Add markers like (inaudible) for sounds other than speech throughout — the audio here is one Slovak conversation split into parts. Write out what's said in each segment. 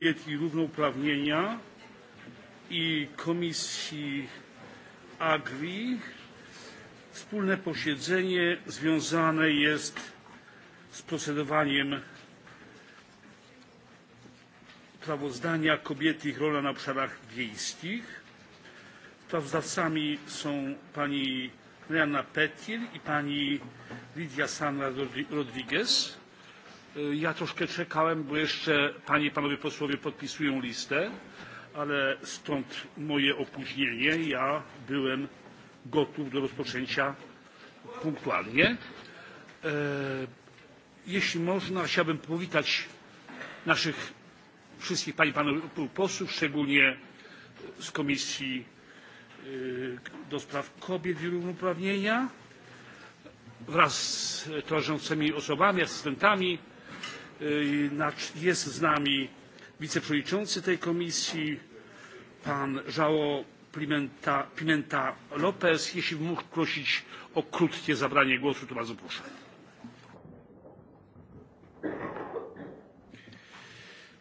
Kobiet i Równouprawnienia i Komisji Agri. Wspólne posiedzenie związane jest z procedowaniem sprawozdania kobiety i ich rola na obszarach wiejskich. Sprawozdawcami są pani Marianna Petir i pani Lidia Sanna Rodriguez ja troszkę czekałem, bo jeszcze panie i panowie posłowie podpisują listę, ale stąd moje opóźnienie. Ja byłem gotów do rozpoczęcia punktualnie. E, jeśli można, chciałbym powitać naszych wszystkich pani i panów posłów, szczególnie z Komisji e, do spraw kobiet i równouprawnienia wraz z towarzyszącymi osobami, asystentami jest z nami wiceprzewodniczący tej komisji pan joao pimenta, lopez. jeśli mógł prosić o krótkie zabranie głosu to bardzo proszę.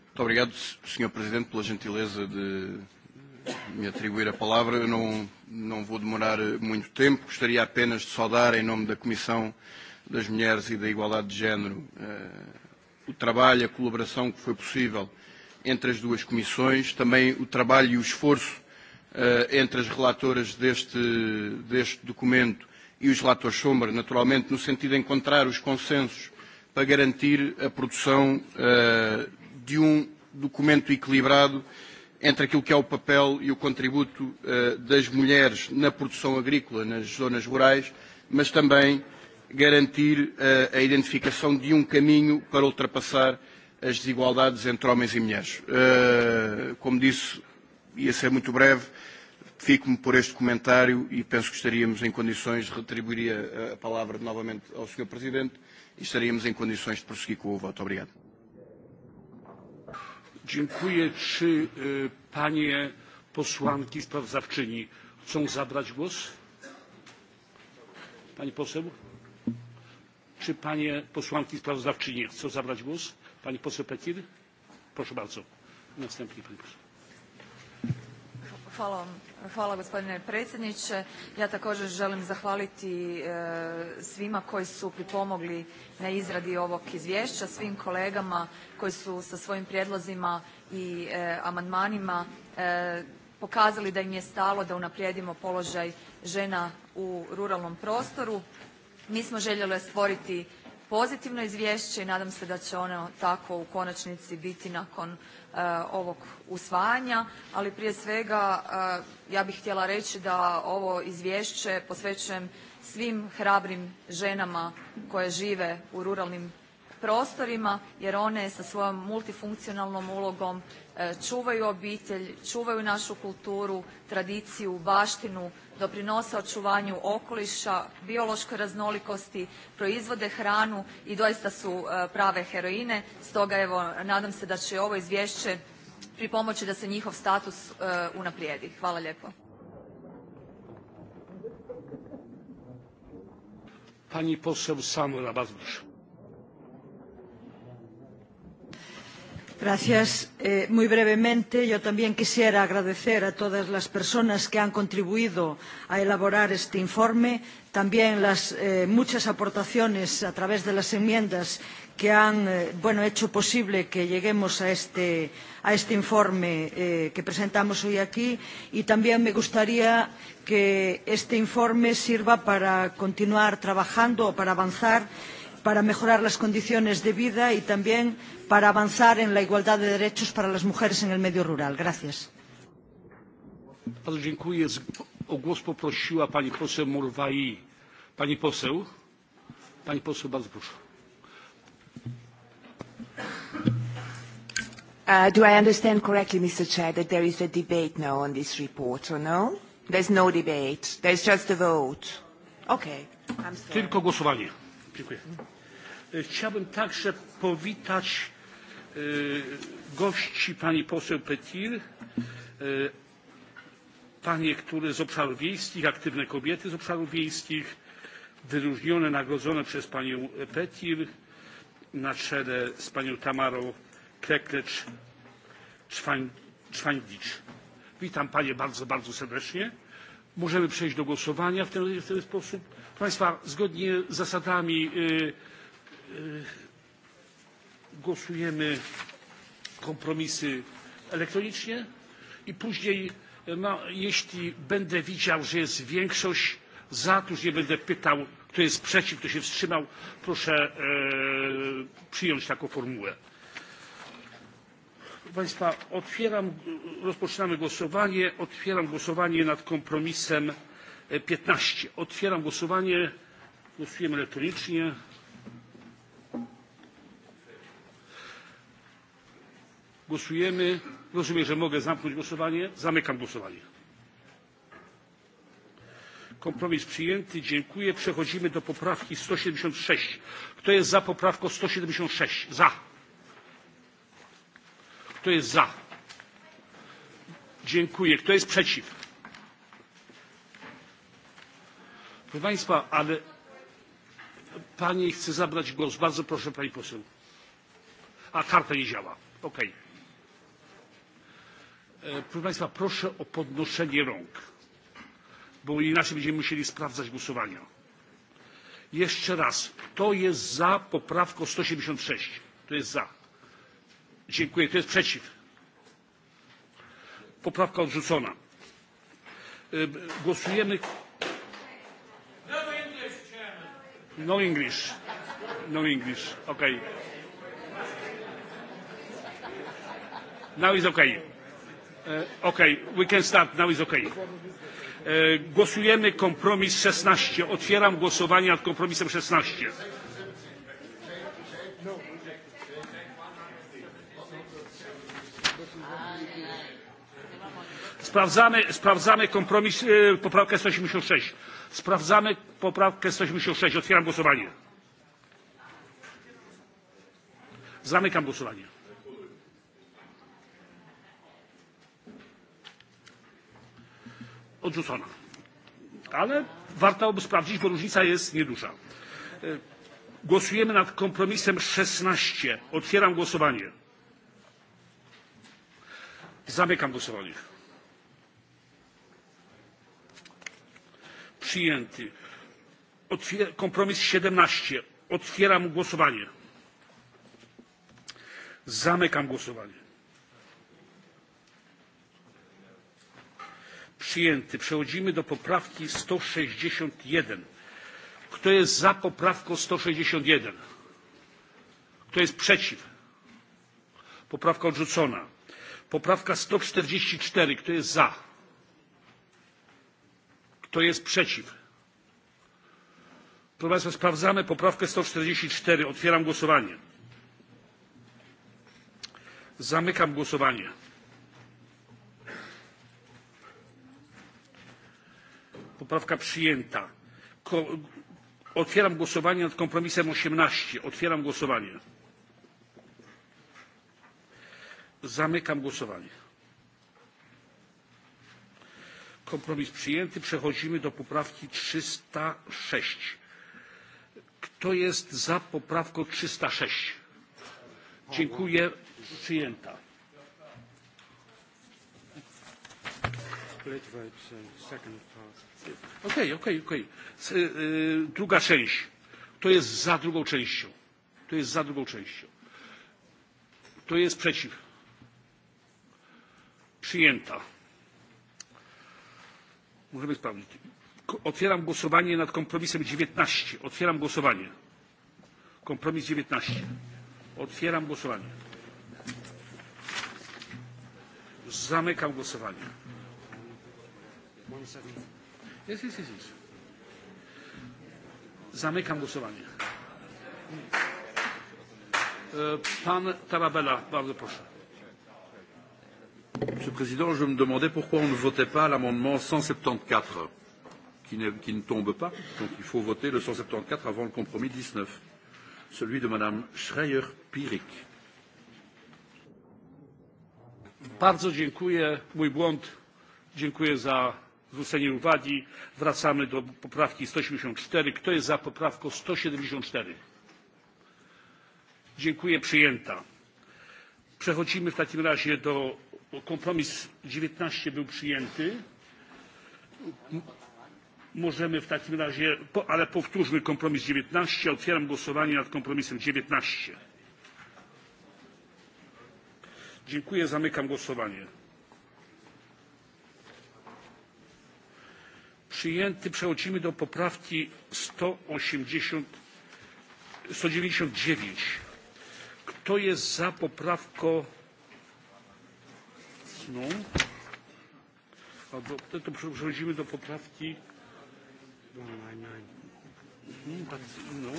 Muito obrigado, Sr. Presidente, pela gentileza de me atribuir a palavra. Eu não, não vou demorar muito tempo. Gostaria apenas de saudar, em nome da Comissão das Mulheres e da Igualdade de Género, eh, o trabalho, a colaboração que foi possível entre as duas comissões, também o trabalho e o esforço uh, entre as relatoras deste, deste documento e os relatores sombra, naturalmente, no sentido de encontrar os consensos para garantir a produção uh, de um documento equilibrado entre aquilo que é o papel e o contributo uh, das mulheres na produção agrícola nas zonas rurais, mas também garantir eh, a identificação de um caminho para ultrapassar as desigualdades entre homens e mulheres. Eh, como disse, ia ser muito breve, fico-me por este comentário e penso que estaríamos em condições, de retribuir a palavra novamente ao Sr. Presidente, e estaríamos em condições de prosseguir com o voto. Obrigado. Dziękuję. Czy y, e, panie posłanki sprawozdawczyni chcą zabrać głos? Pani poseł? Czy panie posłanki sprawozdawczynie chcą zabrać głos? Pani poseł Petir? Proszę bardzo. Następnie pani poseł. Hvala, gospodine predsjedniče. Ja također želim zahvaliti e, svima koji su pripomogli na izradi ovog izvješća, svim kolegama koji su sa svojim prijedlozima i e, amandmanima e, pokazali da im je stalo da unaprijedimo položaj žena u ruralnom prostoru mi smo željeli stvoriti pozitivno izvješće i nadam se da će ono tako u konačnici biti nakon eh, ovog usvajanja, ali prije svega eh, ja bih htjela reći da ovo izvješće posvećujem svim hrabrim ženama koje žive u ruralnim prostorima jer one sa svojom multifunkcionalnom ulogom eh, čuvaju obitelj, čuvaju našu kulturu, tradiciju, baštinu doprinose očuvanju okoliša, biološkoj raznolikosti, proizvode hranu i doista su e, prave heroine. Stoga evo, nadam se da će ovo izvješće pripomoći da se njihov status e, unaprijedi. Hvala lijepo. Pani poseł Gracias. Eh, muy brevemente, yo también quisiera agradecer a todas las personas que han contribuido a elaborar este informe, también las eh, muchas aportaciones a través de las enmiendas que han eh, bueno, hecho posible que lleguemos a este, a este informe eh, que presentamos hoy aquí y también me gustaría que este informe sirva para continuar trabajando o para avanzar para mejorar las condiciones de vida y también para avanzar en la igualdad de derechos para las mujeres en el medio rural. Gracias. O głos poprosiła pani poseł Morwai. Pani poseł? Pani poseł, bardzo proszę. Uh, do I understand correctly, Mr. Chair, that there is a debate now on this report, or no? There's no debate. There's just a vote. Okay. I'm sorry. Tylko głosowanie Dziękuję. E, chciałbym także powitać e, gości pani poseł Petir, e, panie, które z obszarów wiejskich, aktywne kobiety z obszarów wiejskich, wyróżnione, nagrodzone przez panią Petir na czele z panią Tamarą Kreklecz-Czwańdicz. Witam panie bardzo, bardzo serdecznie Możemy przejść do głosowania w ten, w ten sposób. Proszę Państwa, zgodnie z zasadami yy, yy, głosujemy kompromisy elektronicznie i później, no, jeśli będę widział, że jest większość za, to już nie będę pytał, kto jest przeciw, kto się wstrzymał. Proszę yy, przyjąć taką formułę. Proszę Państwa, otwieram, rozpoczynamy głosowanie. Otwieram głosowanie nad kompromisem 15. Otwieram głosowanie. Głosujemy elektronicznie. Głosujemy. Rozumiem, że mogę zamknąć głosowanie. Zamykam głosowanie. Kompromis przyjęty. Dziękuję. Przechodzimy do poprawki 176. Kto jest za poprawką 176? Za. Kto jest za? Dziękuję. Kto jest przeciw? Proszę Państwa, ale Pani chce zabrać głos. Bardzo proszę Pani poseł. A karta nie działa. Ok. E, proszę Państwa, proszę o podnoszenie rąk, bo inaczej będziemy musieli sprawdzać głosowania. Jeszcze raz, kto jest za poprawką 176? Kto jest za? Dziękuję. Kto jest przeciw? Poprawka odrzucona. Głosujemy. No, no English, No English. No English. Now is we can start. Now is Głosujemy kompromis 16. Otwieram głosowanie nad kompromisem 16. Sprawdzamy, kompromis, e, poprawkę sześć Sprawdzamy poprawkę sto sześć Otwieram głosowanie. Zamykam głosowanie. Odrzucona. Ale warto by sprawdzić, bo różnica jest nieduża. E, głosujemy nad kompromisem szesnaście Otwieram głosowanie. Zamykam głosowanie. przyjęty. kompromis siedemnaście. Otwieram głosowanie. Zamykam głosowanie. Przyjęty. Przechodzimy do poprawki sto sześćdziesiąt jeden. Kto jest za poprawką 161? Kto jest przeciw? Poprawka odrzucona. Poprawka sto czterdzieści cztery. Kto jest za? kto jest przeciw? proszę państwa sprawdzamy poprawkę sto czterdzieści cztery otwieram głosowanie zamykam głosowanie poprawka przyjęta Ko otwieram głosowanie nad kompromisem osiemnaście otwieram głosowanie zamykam głosowanie kompromis przyjęty. Przechodzimy do poprawki 306. Kto jest za poprawką 306? Dziękuję. Przyjęta. Okej, okej, okej. Druga część. Kto jest za drugą częścią? Kto jest za drugą częścią? Kto jest przeciw? Przyjęta Możemy sprawdzić. Otwieram głosowanie nad kompromisem 19. Otwieram głosowanie. Kompromis 19. Otwieram głosowanie. Zamykam głosowanie. Jest, jest, jest, Zamykam głosowanie. E, pan Tarabella, bardzo proszę. Monsieur le Président, je me demandais pourquoi on ne votait pas l'amendement 174, qui, qui ne tombe pas. Donc il faut voter le 174 avant le compromis 19, celui de Madame Schreier-Pirik. Bardzo dziękuję. Mój błąd. Dziękuję za zwrócenie uwagi. Wracamy do poprawki 184. Kto jest za poprawką 174? Dziękuję, przyjęta. Przechodzimy w takim razie do bo kompromis dziewiętnaście był przyjęty. Możemy w takim razie, ale powtórzmy kompromis dziewiętnaście. Otwieram głosowanie nad kompromisem dziewiętnaście. Dziękuję. Zamykam głosowanie. Przyjęty. Przechodzimy do poprawki sto dziewięćdzisiąt dziewięć. Kto jest za poprawką Jedną. Adoptę, to przechodzimy do poprawki. No, no, no,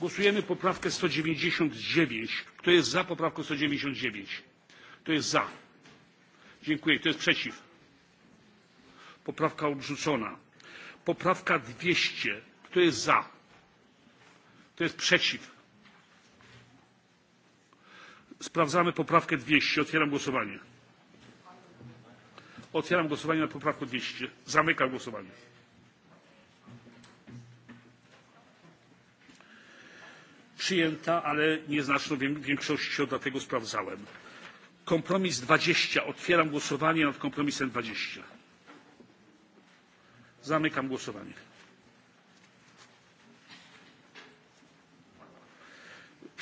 Głosujemy poprawkę 199. Kto jest za poprawką 199? Kto jest za? Dziękuję. Kto jest przeciw? Poprawka odrzucona. Poprawka 200. Kto jest za? Kto jest przeciw? Sprawdzamy poprawkę dwieście. Otwieram głosowanie. Otwieram głosowanie nad poprawką 200. Zamykam głosowanie. Przyjęta, ale nieznaczną większością, dlatego sprawdzałem. Kompromis dwadzieścia. Otwieram głosowanie nad kompromisem dwadzieścia. Zamykam głosowanie.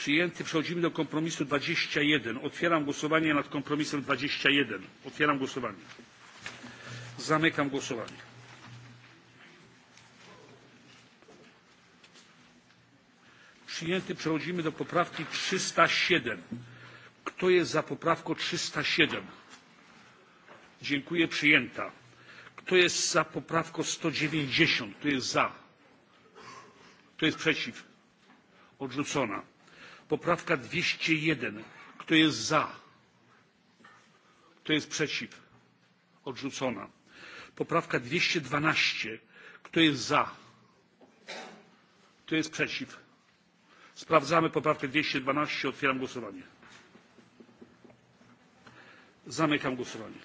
przyjęty. Przechodzimy do kompromisu dwadzieścia jeden. Otwieram głosowanie nad kompromisem dwadzieścia jeden. Otwieram głosowanie. Zamykam głosowanie. Przyjęty. Przechodzimy do poprawki 307. Kto jest za poprawką 307? Dziękuję. Przyjęta. Kto jest za poprawką 190? Kto jest za? Kto jest przeciw? Odrzucona poprawka dwieście jeden kto jest za kto jest przeciw odrzucona poprawka dwieście dwanaście kto jest za kto jest przeciw sprawdzamy poprawkę dwieście dwanaście otwieram głosowanie zamykam głosowanie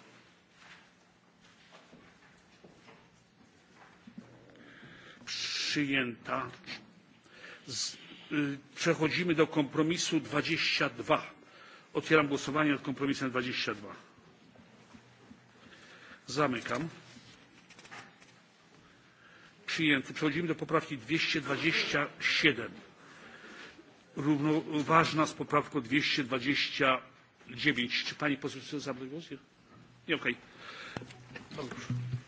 przyjęta przechodzimy do kompromisu dwadzieścia dwa otwieram głosowanie nad kompromisem dwadzieścia dwa zamykam przyjęty przechodzimy do poprawki dwieście dwadzieścia siedem równoważna z poprawką dwieście dwadzieścia dziewięć czy pani poseł chce zabrać głos? nie okej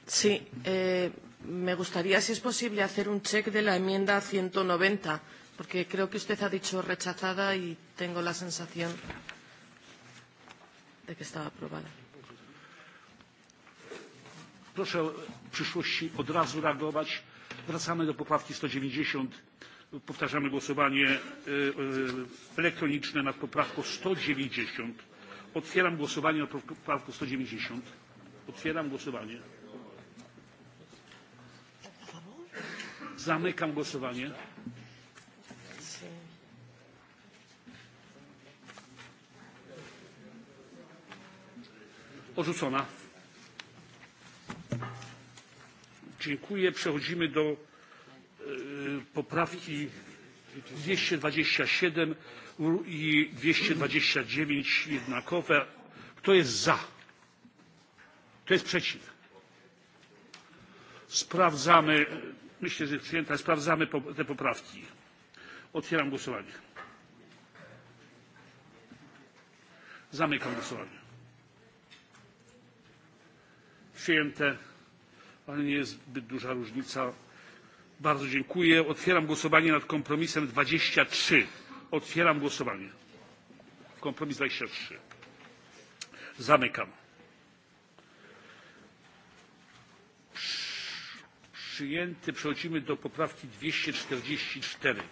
sí, eh, me gustaría si es posible hacer un check de la enmienda ciento noventa porque creo que usted ha dicho rechazada y tengo la sensación de que estaba aprobada. Proszę w przyszłości od razu reagować. Wracamy do poprawki 190. Powtarzamy głosowanie e, e, elektroniczne nad poprawką 190. Otwieram głosowanie nad poprawką 190. Otwieram głosowanie. Zamykam głosowanie. Odrzucona. Dziękuję. Przechodzimy do e, poprawki dwieście dwadzieścia siedem i 229 dwadzieścia dziewięć jednakowe. Kto jest za? Kto jest przeciw? Sprawdzamy. Myślę, że jest przyjęta. Sprawdzamy te poprawki. Otwieram głosowanie. Zamykam głosowanie. Przyjęte, ale nie jest zbyt duża różnica. Bardzo dziękuję. Otwieram głosowanie nad kompromisem dwadzieścia trzy. Otwieram głosowanie. Kompromis dwadzieścia trzy. Zamykam. Przyjęty. Przechodzimy do poprawki dwieście czterdzieści cztery.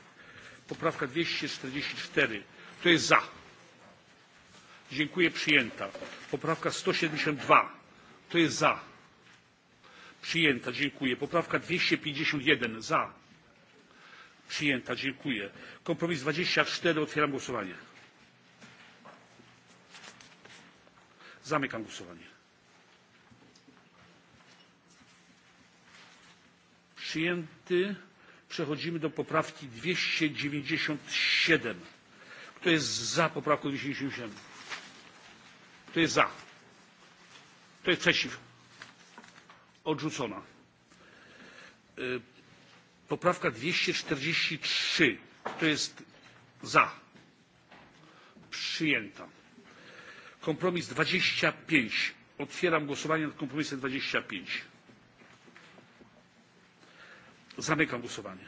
Poprawka dwieście czterdzieści cztery. Kto jest za? Dziękuję. Przyjęta. Poprawka sto dwa kto jest za? przyjęta dziękuję. poprawka dwieście pięćdziesiąt jeden za przyjęta dziękuję. kompromis dwadzieścia cztery otwieram głosowanie. zamykam głosowanie. przyjęty. przechodzimy do poprawki dwieście dziewięćdziesiąt siedem kto jest za poprawką dwieście dziewięćdzisiąt siedem? kto jest za? Kto jest przeciw? Odrzucona. E, poprawka 243. Kto jest za? Przyjęta. Kompromis 25. Otwieram głosowanie nad kompromisem 25. Zamykam głosowanie.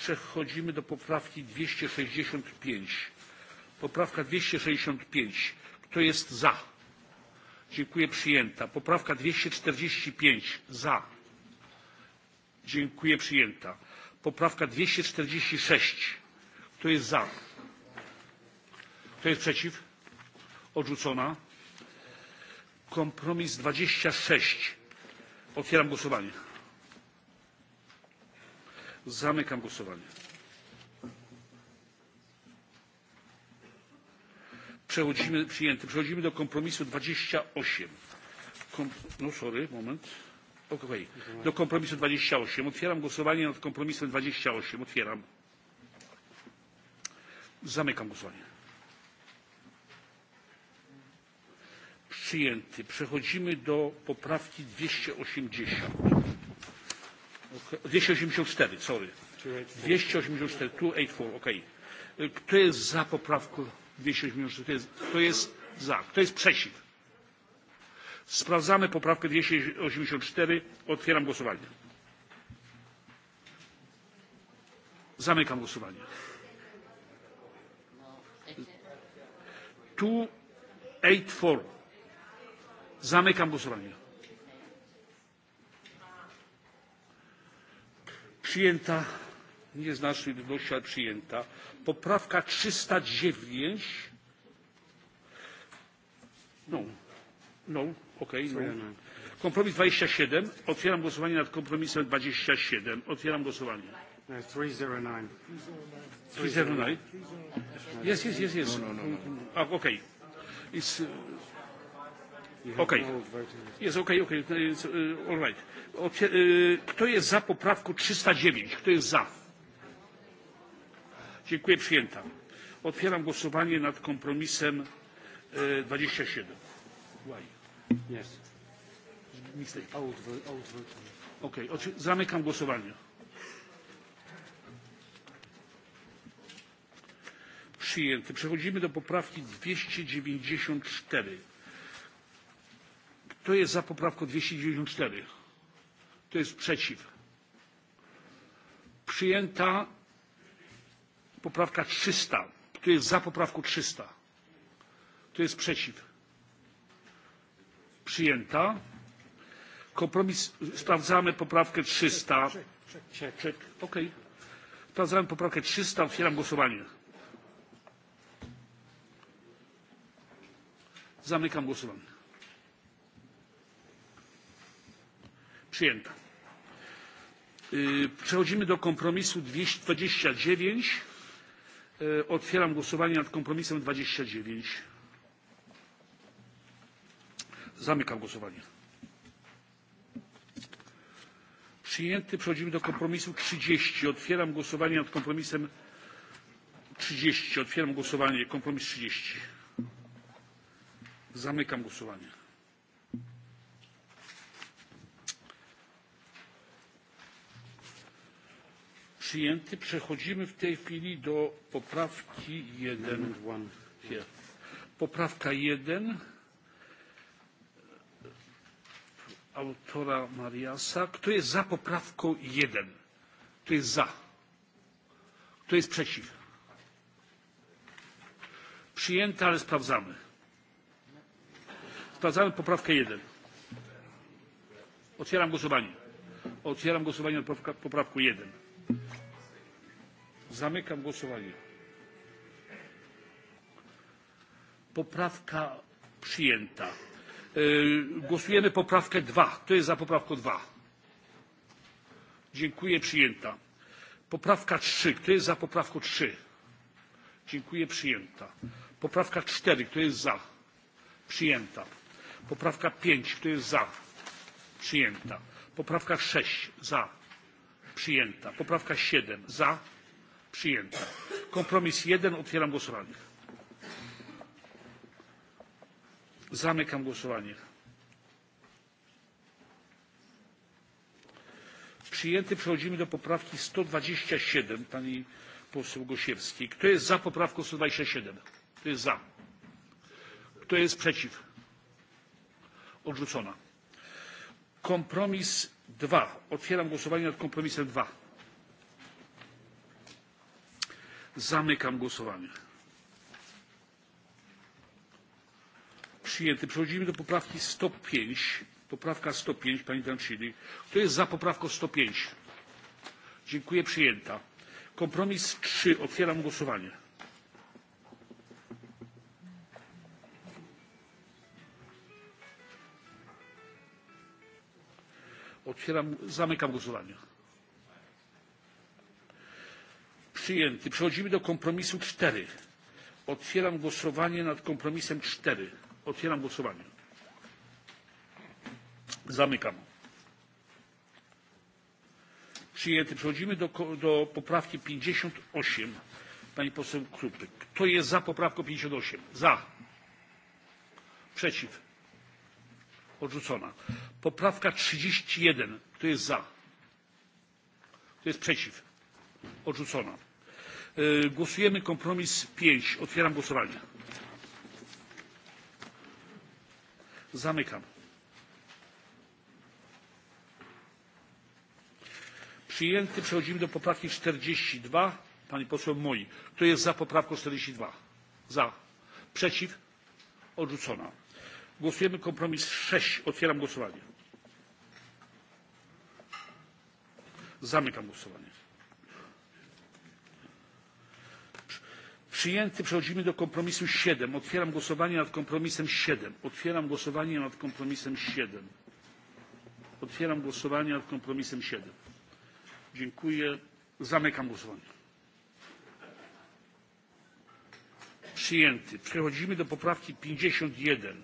Przechodzimy do poprawki 265. Poprawka 265. Kto jest za? Dziękuję. Przyjęta. Poprawka 245. Za. Dziękuję. Przyjęta. Poprawka 246. Kto jest za? Kto jest przeciw? Odrzucona. Kompromis 26. Otwieram głosowanie. Zamykam głosowanie. Przechodzimy, do kompromisu dwadzieścia osiem. No, do kompromisu osiem. Otwieram głosowanie nad kompromisem dwadzieścia osiem. Otwieram. Zamykam głosowanie. Przyjęty. Przechodzimy do poprawki dwieście osiemdziesiąt. cztery sorry. dwieście osiemdziesiąt cztery Kto jest za poprawką? dwieście osiemdziesiąt kto jest za kto jest przeciw? sprawdzamy poprawkę dwieście osiemdziesiąt cztery otwieram głosowanie. zamykam głosowanie. Tu 84 zamykam głosowanie. przyjęta nie z naszej ludności ale przyjęta poprawka trzysta dziewięć no no okej okay, no kompromis dwadzieścia siedem otwieram głosowanie nad kompromisem dwadzieścia siedem otwieram głosowanie 309. No, zero Jest, jest, jest, yes okej Jest okej, okej, e, e, Kto jest za poprawką 309? Kto jest za? dziękuję przyjęta. otwieram głosowanie nad kompromisem e, dwadzieścia siedem zamykam głosowanie. przyjęty. przechodzimy do poprawki dwieście dziewięćdzisiąt cztery kto jest za poprawką dwieście dziewięćdzisiąt cztery kto jest przeciw? przyjęta Poprawka trzysta. Kto jest za poprawką trzysta? Kto jest przeciw? Przyjęta. Kompromis. Sprawdzamy poprawkę trzysta. okej Okay. Sprawdzamy poprawkę trzysta, Otwieram głosowanie. Zamykam głosowanie. Przyjęta. Przechodzimy do kompromisu dwadzieścia dziewięć E, otwieram głosowanie nad kompromisem dwadzieścia dziewięć zamykam głosowanie przyjęty przechodzimy do kompromisu trzydzieści otwieram głosowanie nad kompromisem trzydzieści otwieram głosowanie kompromis trzydzieści zamykam głosowanie przyjęty. Przechodzimy w tej chwili do poprawki 1. Poprawka 1 autora Mariasa. Kto jest za poprawką 1? Kto jest za? Kto jest przeciw? Przyjęte, ale sprawdzamy. Sprawdzamy poprawkę 1. Otwieram głosowanie. Otwieram głosowanie nad poprawką 1. Zamykam głosowanie. Poprawka przyjęta. E, głosujemy poprawkę 2. To jest za poprawką 2? Dziękuję, przyjęta. Poprawka 3. Kto jest za poprawką 3? Dziękuję, przyjęta. Poprawka 4. Kto jest za? Przyjęta. Poprawka 5. Kto jest za? Przyjęta. Poprawka 6. Za Przyjęta. Poprawka siedem Za. Przyjęta. Kompromis jeden Otwieram głosowanie. Zamykam głosowanie. Przyjęty. Przechodzimy do poprawki sto dwadzieścia siedem pani poseł Gosiewskiej. Kto jest za poprawką sto dwadzieścia siedem? Kto jest za? Kto jest przeciw? Odrzucona. Kompromis dwa otwieram głosowanie nad kompromisem. dwa zamykam głosowanie. przyjęty. przechodzimy do poprawki sto pięć poprawka sto pięć pani danczyli. kto jest za poprawką? sto pięć dziękuję przyjęta. kompromis trzy otwieram głosowanie. zamykam głosowanie. Przyjęty. Przechodzimy do kompromisu cztery. Otwieram głosowanie nad kompromisem cztery. Otwieram głosowanie. Zamykam. Przyjęty. Przechodzimy do, do poprawki osiem Pani poseł Krupy. Kto jest za poprawką pięćdziesiąt osiem Za. Przeciw odrzucona. poprawka trzydzieści jeden kto jest za? kto jest przeciw? odrzucona. E, głosujemy kompromis pięć otwieram głosowanie. zamykam. przyjęty. przechodzimy do poprawki czterdzieści dwa pani poseł moi. kto jest za poprawką czterdzieści dwa? za. przeciw? odrzucona Głosujemy kompromis sześć. Otwieram głosowanie. Zamykam głosowanie. Przyjęty. Przechodzimy do kompromisu siedem. Otwieram głosowanie nad kompromisem siedem. Otwieram głosowanie nad kompromisem siedem. Otwieram głosowanie nad kompromisem siedem. Dziękuję. Zamykam głosowanie. przyjęty. Przechodzimy do poprawki pięćdziesiąt jeden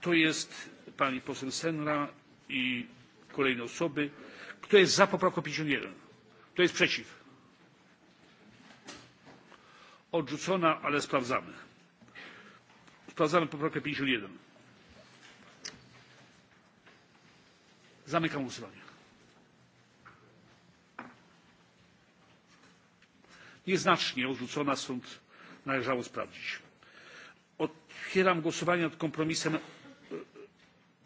kto jest pani poseł senra i kolejne osoby kto jest za poprawką pięćdziesiąt jeden kto jest przeciw? odrzucona ale sprawdzamy. sprawdzamy poprawkę pięćdziesiąt jeden zamykam głosowanie. nieznacznie odrzucona stąd należało sprawdzić. otwieram głosowanie nad kompromisem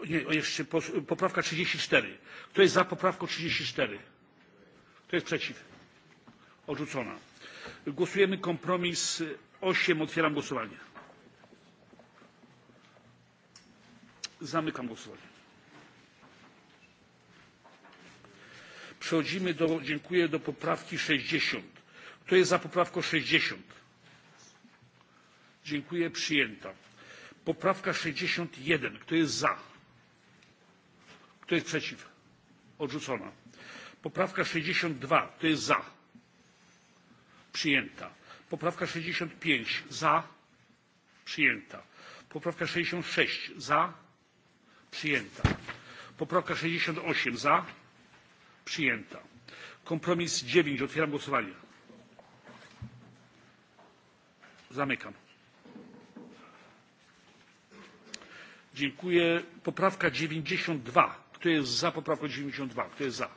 nie, jeszcze poprawka 34. Kto jest za poprawką 34? Kto jest przeciw? Odrzucona. Głosujemy kompromis 8. Otwieram głosowanie. Zamykam głosowanie. Przechodzimy do, dziękuję, do poprawki 60. Kto jest za poprawką 60? Dziękuję, przyjęta. Poprawka 61. Kto jest za? Kto jest przeciw? Odrzucona. Poprawka 62. Kto jest za? Przyjęta. Poprawka 65. Za? Przyjęta. Poprawka 66. Za? Przyjęta. Poprawka 68. Za? Przyjęta. Kompromis 9. Otwieram głosowanie. Zamykam. Dziękuję. Poprawka 92 kto jest za poprawką 92? Kto jest za?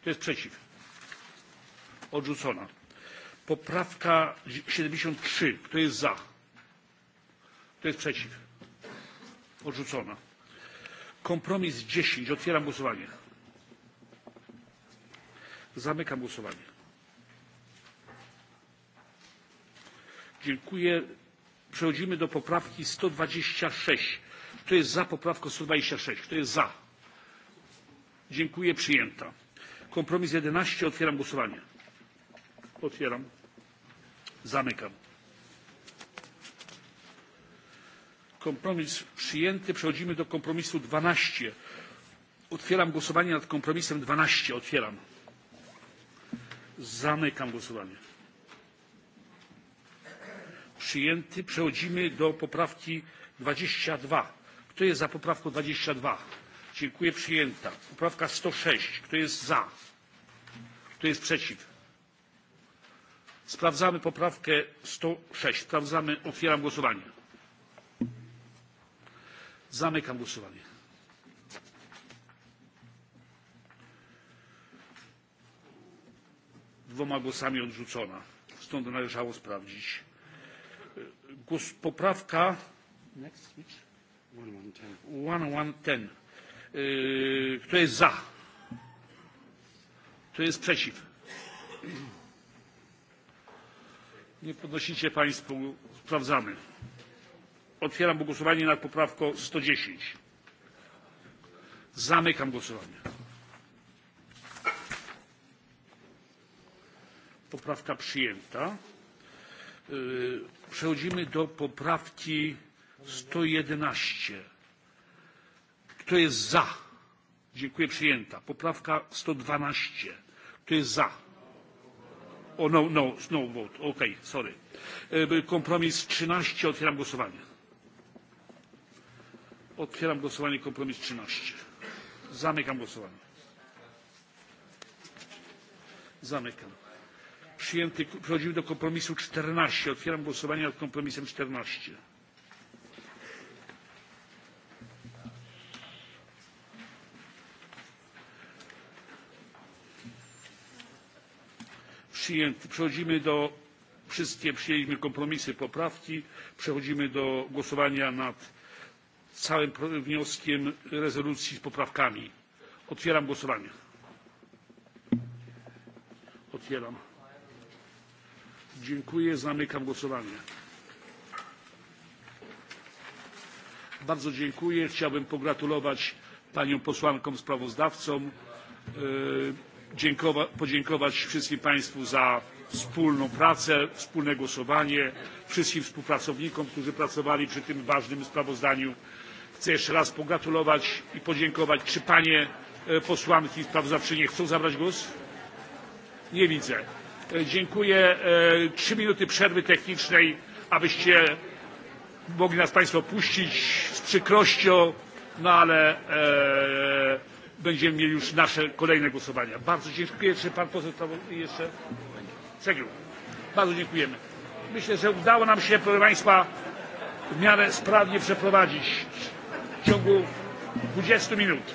Kto jest przeciw? Odrzucona. Poprawka 73. Kto jest za? Kto jest przeciw? Odrzucona. Kompromis 10. Otwieram głosowanie. Zamykam głosowanie. Dziękuję. Przechodzimy do poprawki 126. Kto jest za poprawką 126? Kto jest za? dziękuję przyjęta kompromis jedenaście otwieram głosowanie otwieram zamykam kompromis przyjęty przechodzimy do kompromisu dwanaście otwieram głosowanie nad kompromisem dwanaście otwieram zamykam głosowanie przyjęty przechodzimy do poprawki dwadzieścia dwa kto jest za poprawką dwadzieścia dwa dziękuję przyjęta poprawka sto sześć kto jest za kto jest przeciw sprawdzamy poprawkę sto sześć sprawdzamy otwieram głosowanie zamykam głosowanie dwoma głosami odrzucona stąd należało sprawdzić Głos, poprawka one ten kto jest za? Kto jest przeciw? Nie podnosicie Państwo. Sprawdzamy. Otwieram głosowanie nad poprawką 110. Zamykam głosowanie. Poprawka przyjęta. Przechodzimy do poprawki 111. Kto jest za? Dziękuję, przyjęta. Poprawka 112. Kto jest za? O, no, no, no vote. OK, sorry. E, kompromis 13. Otwieram głosowanie. Otwieram głosowanie kompromis 13. Zamykam głosowanie. Zamykam. Przyjęty, przechodzimy do kompromisu 14. Otwieram głosowanie nad kompromisem 14. Przyjęty. Przechodzimy do wszystkie przyjęliśmy kompromisy poprawki. Przechodzimy do głosowania nad całym wnioskiem rezolucji z poprawkami. Otwieram głosowanie. Otwieram. Dziękuję. Zamykam głosowanie. Bardzo dziękuję. Chciałbym pogratulować paniom posłankom sprawozdawcom podziękować wszystkim Państwu za wspólną pracę, wspólne głosowanie, wszystkim współpracownikom, którzy pracowali przy tym ważnym sprawozdaniu. Chcę jeszcze raz pogratulować i podziękować. Czy Panie e, posłanki sprawozdawczynie chcą zabrać głos? Nie widzę. E, dziękuję. E, trzy minuty przerwy technicznej, abyście mogli nas Państwo opuścić z przykrością, no ale będziemy mieli już nasze kolejne głosowania. Bardzo dziękuję. Czy pan poseł jeszcze? Cegiel. Bardzo dziękujemy. Myślę, że udało nam się, proszę Państwa, w miarę sprawnie przeprowadzić w ciągu 20 minut.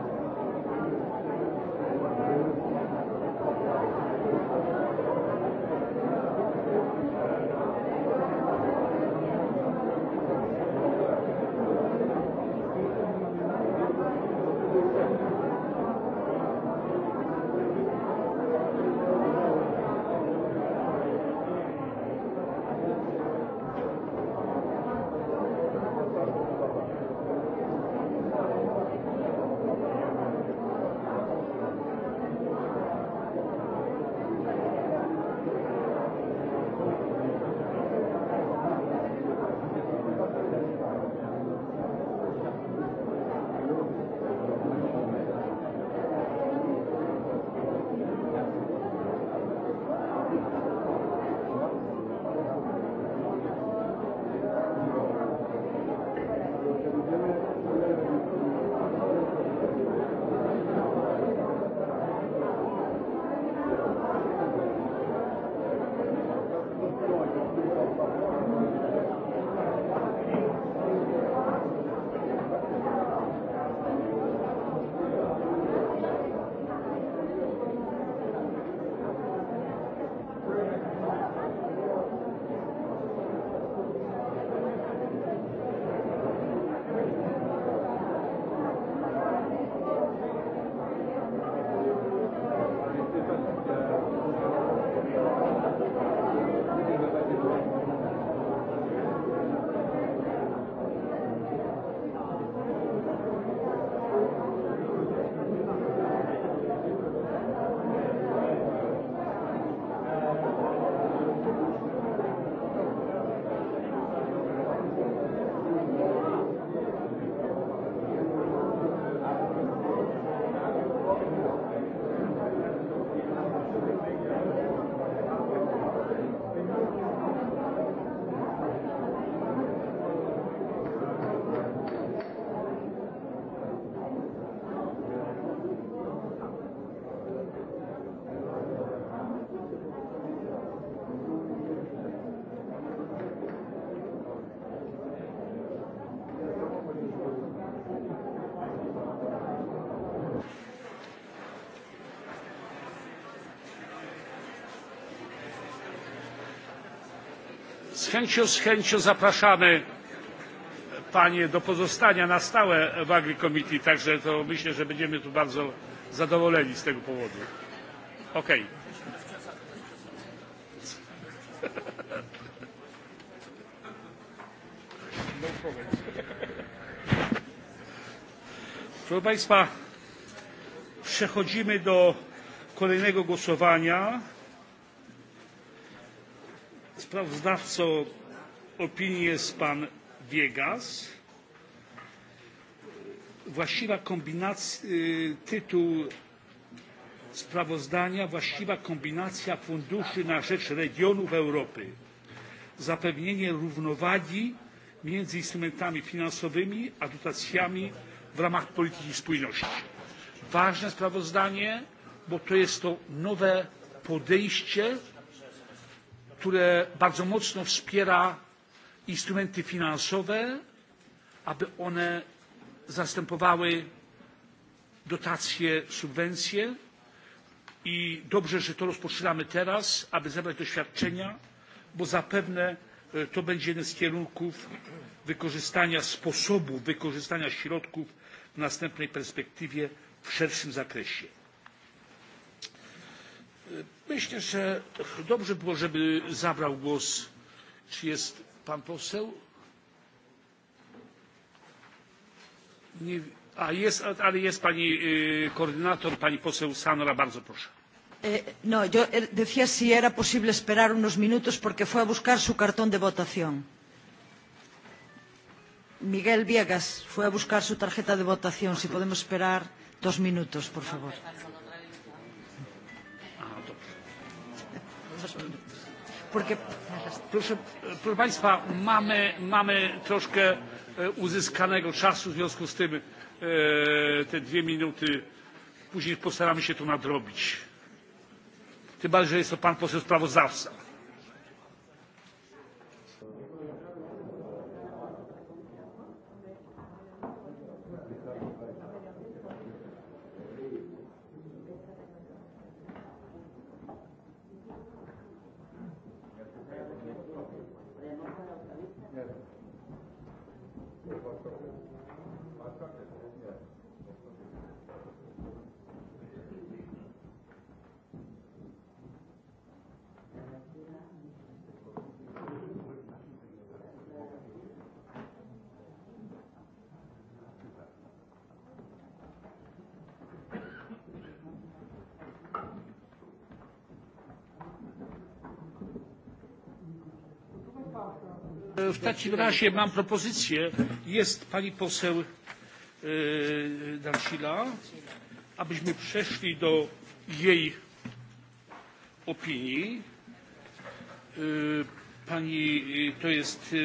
chęcią, z chęcią zapraszamy e, panie do pozostania na stałe w agri committee także to myślę że będziemy tu bardzo zadowoleni z tego powodu. Okay. Proszę Państwa, przechodzimy do kolejnego głosowania sprawozdawcą opinii jest pan Viegas. Właściwa kombinacja, tytuł sprawozdania właściwa kombinacja funduszy na rzecz regionów Europy, zapewnienie równowagi między instrumentami finansowymi a dotacjami w ramach polityki spójności. Ważne sprawozdanie, bo to jest to nowe podejście które bardzo mocno wspiera instrumenty finansowe, aby one zastępowały dotacje, subwencje i dobrze, że to rozpoczynamy teraz, aby zebrać doświadczenia, bo zapewne e, to będzie jeden z kierunków wykorzystania sposobu wykorzystania środków w następnej perspektywie w szerszym zakresie. Myślę, że dobrze było, żeby zabrał głos. Czy jest pan poseł? Nie, a jest, ale jest pani y, koordynator, pani poseł Sanora, bardzo proszę. E, no, yo eh, decía si era posible esperar unos minutos porque fue a buscar su cartón de votación. Miguel Viegas fue a buscar su tarjeta de votación. Si podemos esperar dos minutos, por favor. No, Proszę, proszę Państwa, mamy, mamy troszkę e, uzyskanego czasu, w związku z tym e, te dwie minuty, później postaramy się to nadrobić. Tym bardziej, że jest to pan poseł sprawozdawca. w takim razie mam propozycję. Jest pani poseł e, Dancila, abyśmy przeszli do jej opinii. E, pani, e, to jest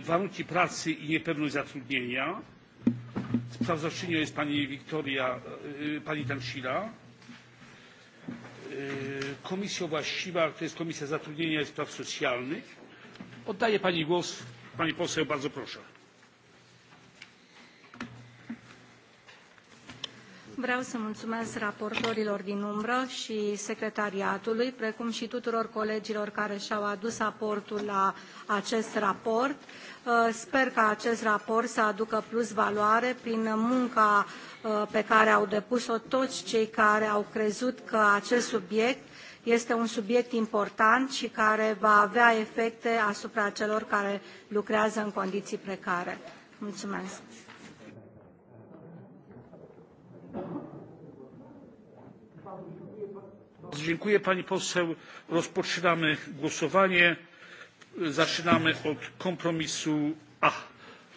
warunki pracy i niepewność zatrudnienia. Sprawozdawczynią jest pani Wiktoria, pani Dancila. Komisja właściwa to jest Komisja Zatrudnienia i Spraw Socjalnych Oddaję pani głos. Pani poseł, bardzo proszę. Vreau să mulțumesc raportorilor din umbră și secretariatului, precum și tuturor colegilor care și-au adus aportul la acest raport. Uh, sper ca acest raport să aducă plus valoare prin munca uh, pe care au depus-o toți cei care au crezut că acest subiect este un subiect important și care va avea efecte asupra celor care lucrează în condiții precare. Mulțumesc! Dziękuję pani poseł. Rozpoczynamy głosowanie. Zaczynamy od kompromisu A.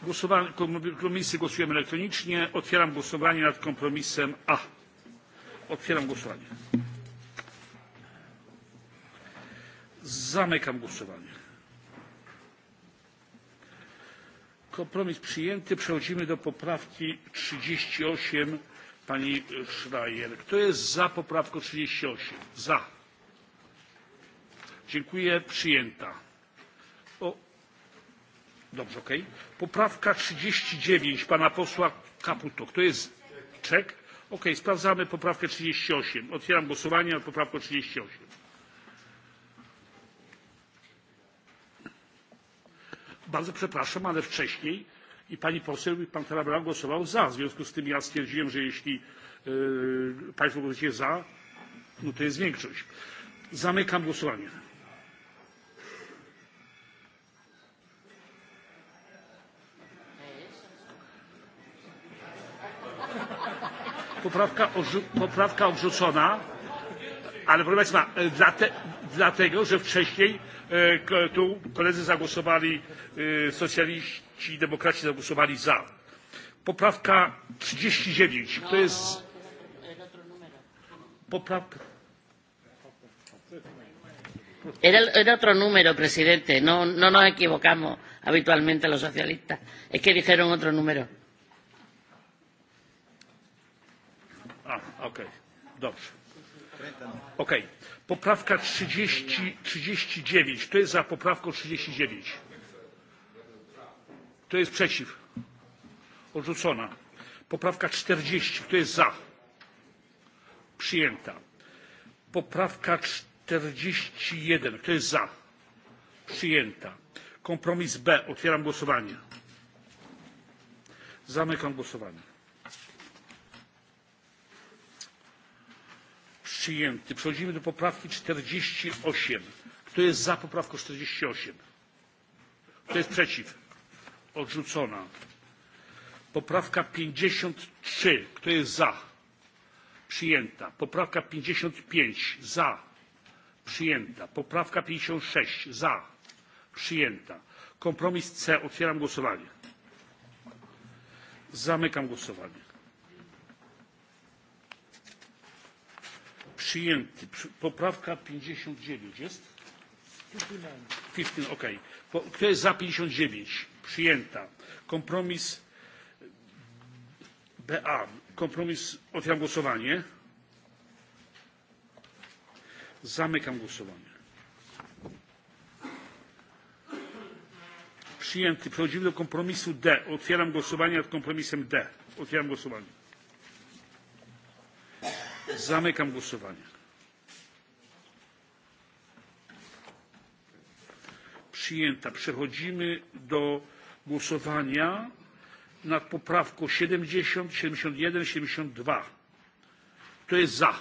Głosowanie, kompromisy głosujemy elektronicznie. Otwieram głosowanie nad kompromisem A. Otwieram głosowanie. Zamykam głosowanie. Kompromis przyjęty. Przechodzimy do poprawki 38 pani Schreier. Kto jest za poprawką 38? Za. Dziękuję. Przyjęta. O, dobrze, okej. Poprawka Poprawka 39 pana posła Caputo. Kto jest? Czek. Ok, sprawdzamy poprawkę 38. Otwieram głosowanie nad poprawką 38. bardzo przepraszam ale wcześniej i pani poseł i pan tarabella głosował za w związku z tym ja stwierdziłem że jeśli państwo głosujecie za no to jest większość. zamykam głosowanie. poprawka, poprawka odrzucona ale proszę Państwa, e, dlate, dlatego, że wcześniej e, tu koledzy zagłosowali, e, socjaliści i demokraci zagłosowali za. Poprawka 39, to jest... Poprawka... Era, era otro número, presidente. No, no nos equivocamos habitualmente los socialistas. Es que dijeron otro número. Ah, ok. Dobrze. Okej. Okay. Poprawka 30, 39. Kto jest za poprawką 39? Kto jest przeciw? Odrzucona. Poprawka 40. Kto jest za? Przyjęta. Poprawka 41. Kto jest za? Przyjęta. Kompromis B. Otwieram głosowanie. Zamykam głosowanie. przyjęty. Przechodzimy do poprawki czterdzieści osiem. Kto jest za poprawką czterdzieści osiem? Kto jest przeciw? Odrzucona. Poprawka pięćdziesiąt trzy. Kto jest za? Przyjęta. Poprawka pięćdziesiąt pięć. Za. Przyjęta. Poprawka pięćdziesiąt sześć. Za. Przyjęta. Kompromis C. Otwieram głosowanie. Zamykam głosowanie. przyjęty. Poprawka 59 jest? 15, ok. Kto jest za 59? Przyjęta. Kompromis e, BA. Kompromis, otwieram głosowanie. Zamykam głosowanie. Przyjęty. Przechodzimy do kompromisu D. Otwieram głosowanie nad kompromisem D. Otwieram głosowanie. Zamykam głosowanie. Przyjęta. Przechodzimy do głosowania nad poprawką 70, 71, 72. Kto jest za?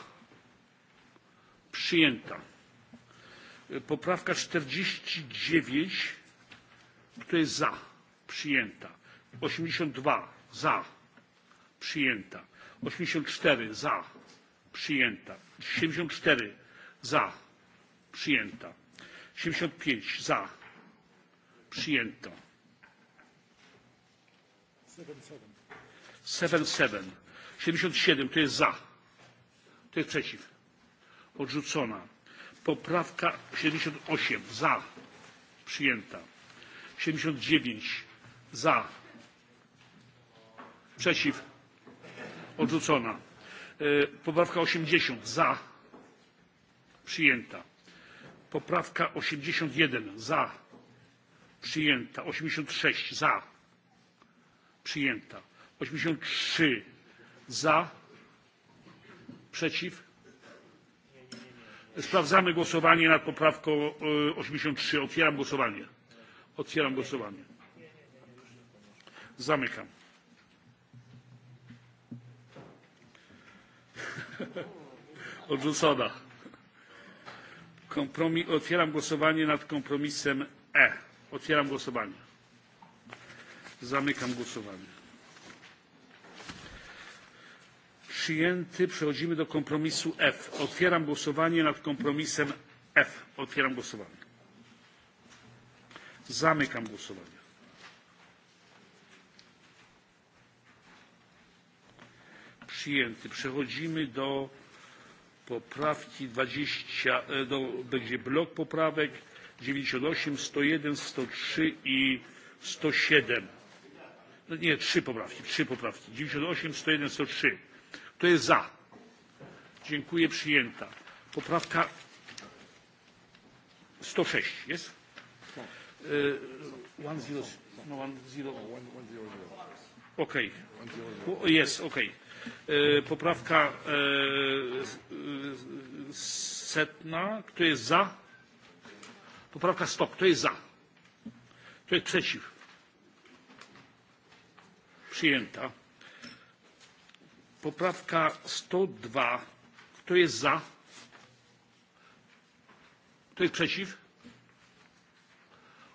Przyjęta. Poprawka 49. Kto jest za? Przyjęta. 82. Za. Przyjęta. 84. Za przyjęta. 74 za, przyjęta. 75 za, przyjęta. 7. 77 to jest za, to jest przeciw. Odrzucona. Poprawka 78 za, przyjęta. 79 za, przeciw, odrzucona E, poprawka osiemdziesiąt za przyjęta poprawka osiemdziesiąt jeden za przyjęta osiemdziesiąt sześć za przyjęta osiemdziesiąt trzy za przeciw sprawdzamy głosowanie nad poprawką e, osiemdziesiąt trzy otwieram głosowanie otwieram głosowanie zamykam (laughs) Odrzucona. otwieram głosowanie nad kompromisem E. Otwieram głosowanie. Zamykam głosowanie. Przyjęty. Przechodzimy do kompromisu F. Otwieram głosowanie nad kompromisem F. Otwieram głosowanie. Zamykam głosowanie. przyjęty. Przechodzimy do poprawki 20, e, do, będzie blok poprawek 98, 101, 103 i 107. No nie, trzy poprawki, trzy poprawki. 98, 101, 103. Kto jest za? Dziękuję, przyjęta. Poprawka 106 jest? Uh, one zero, no one zero. Okej, okay. jest, okej. Okay. E, poprawka e, e, setna. Kto jest za? Poprawka sto. Kto jest za? Kto jest przeciw? Przyjęta. Poprawka sto dwa. Kto jest za? Kto jest przeciw?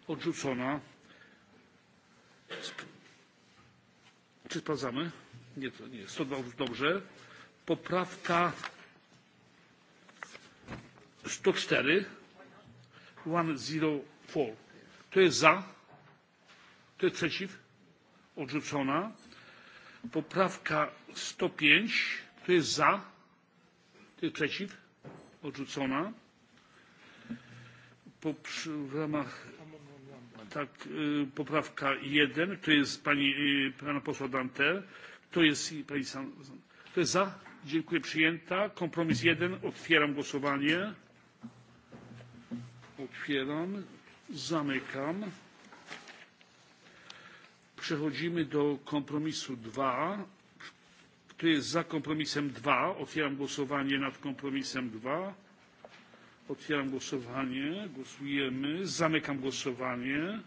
Odrzucona. Czy sprawdzamy? nie, to nie, 102 już dobrze. Poprawka 104, 104. Kto jest za? Kto jest przeciw? Odrzucona. Poprawka 105. Kto jest za? Kto jest przeciw? Odrzucona. Po, w ramach tak, y, poprawka 1, to jest pani, y, pana posła Dante. Kto jest, pani San, kto jest za? Dziękuję. Przyjęta. Kompromis jeden. Otwieram głosowanie. Otwieram. Zamykam. Przechodzimy do kompromisu dwa. Kto jest za kompromisem dwa? Otwieram głosowanie nad kompromisem dwa. Otwieram głosowanie. Głosujemy. Zamykam głosowanie.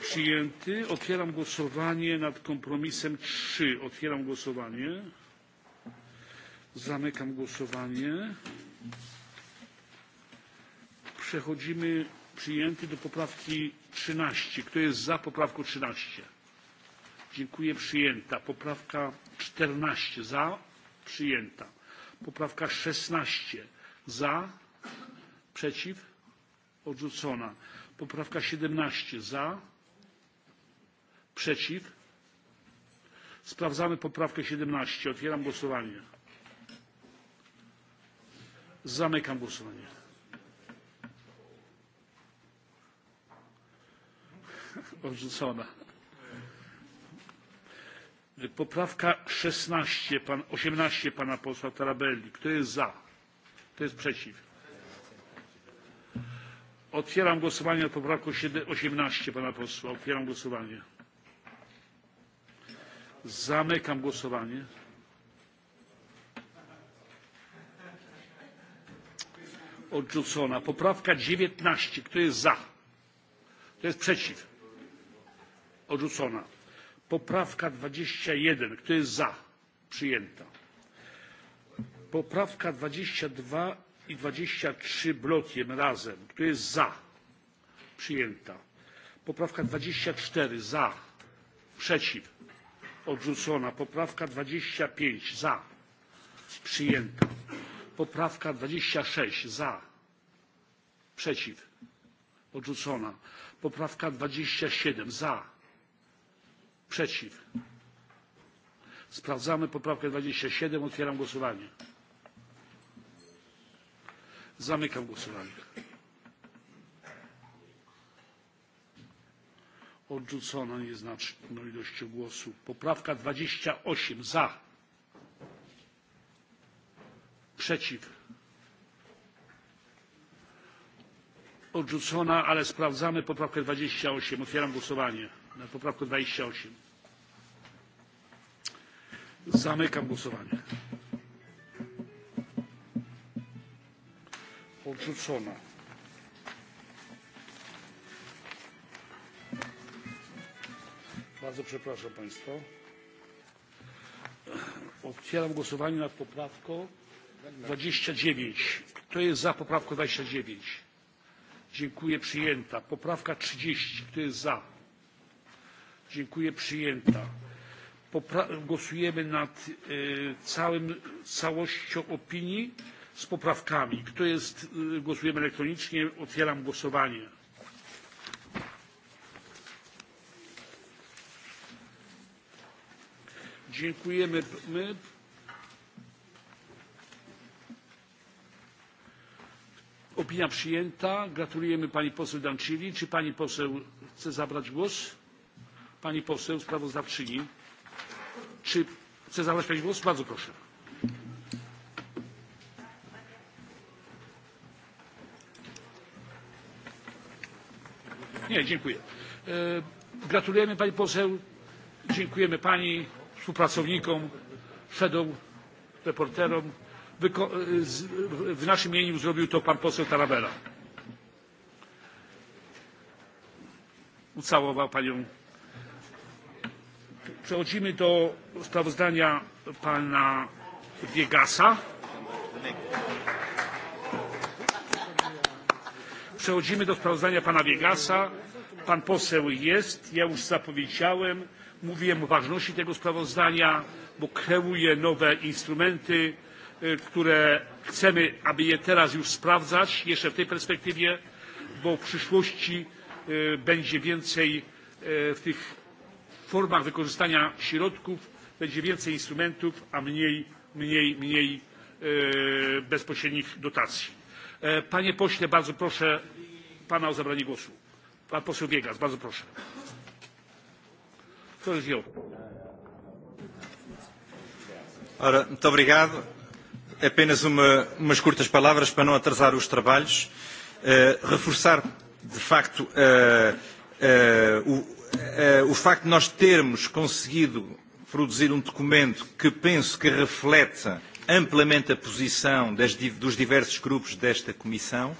Przyjęty. Otwieram głosowanie nad kompromisem 3. Otwieram głosowanie. Zamykam głosowanie. Przechodzimy przyjęty do poprawki trzynaście. Kto jest za poprawką trzynaście? Dziękuję. Przyjęta. Poprawka czternaście Za. Przyjęta. Poprawka szesnaście Za. Przeciw. Odrzucona Poprawka 17 za. Przeciw. Sprawdzamy poprawkę 17. Otwieram głosowanie. Zamykam głosowanie. (laughs) Odrzucona. Poprawka 16, pan, 18 pana posła Tarabelli. Kto jest za? Kto jest przeciw? Otwieram głosowanie nad poprawką osiemnaście pana posła. Otwieram głosowanie. Zamykam głosowanie. Odrzucona. Poprawka dziewiętnaście. Kto jest za? Kto jest przeciw? Odrzucona. Poprawka dwadzieścia jeden. Kto jest za? Przyjęta. Poprawka dwadzieścia dwa i dwadzieścia trzy blokiem razem. Kto jest za? Przyjęta. Poprawka dwadzieścia cztery za. Przeciw. Odrzucona. Poprawka dwadzieścia pięć za. Przyjęta. Poprawka dwadzieścia sześć za. Przeciw. Odrzucona. Poprawka dwadzieścia siedem za. Przeciw. Sprawdzamy poprawkę dwadzieścia siedem. Otwieram głosowanie. Zamykam głosowanie. Odrzucona nieznaczną ilością głosów. Poprawka 28 za. Przeciw. Odrzucona, ale sprawdzamy poprawkę 28. Otwieram głosowanie na poprawkę 28. Zamykam głosowanie. odrzucona. Bardzo przepraszam Państwa. Otwieram głosowanie nad poprawką 29. Kto jest za poprawką 29? Dziękuję, przyjęta. Poprawka 30. Kto jest za? Dziękuję, przyjęta. Popra głosujemy nad y, e, całym, całością opinii z poprawkami. Kto jest, głosujemy elektronicznie. Otwieram głosowanie. Dziękujemy. My. Opinia przyjęta. Gratulujemy pani poseł Danczyli. Czy pani poseł chce zabrać głos? Pani poseł sprawozdawczyni. Czy chce zabrać pani głos? Bardzo proszę. Nie, dziękuję. E, gratulujemy pani poseł, dziękujemy pani, współpracownikom, shadow reporterom. Wyko- e, z- W naszym imieniu zrobił to pan poseł Tarabela. Ucałował panią. Przechodzimy do sprawozdania pana Wiegasa. Przechodzimy do sprawozdania pana Viegasa, Pan poseł jest. Ja już zapowiedziałem, mówiłem o ważności tego sprawozdania, bo kreuje nowe instrumenty, które chcemy, aby je teraz już sprawdzać, jeszcze w tej perspektywie, bo w przyszłości będzie więcej w tych formach wykorzystania środków, będzie więcej instrumentów, a mniej, mniej, mniej bezpośrednich dotacji E, panie pośle, bardzo proszę pana o zabranie głosu. Pan poseł Biegas, bardzo proszę. muito obrigado. Apenas uma, umas curtas palavras para não atrasar os trabalhos. Uh, reforçar, de facto, uh, uh, o, uh, o facto de nós termos conseguido produzir um documento que penso que reflete amplamente a posição das, dos diversos grupos desta Comissão.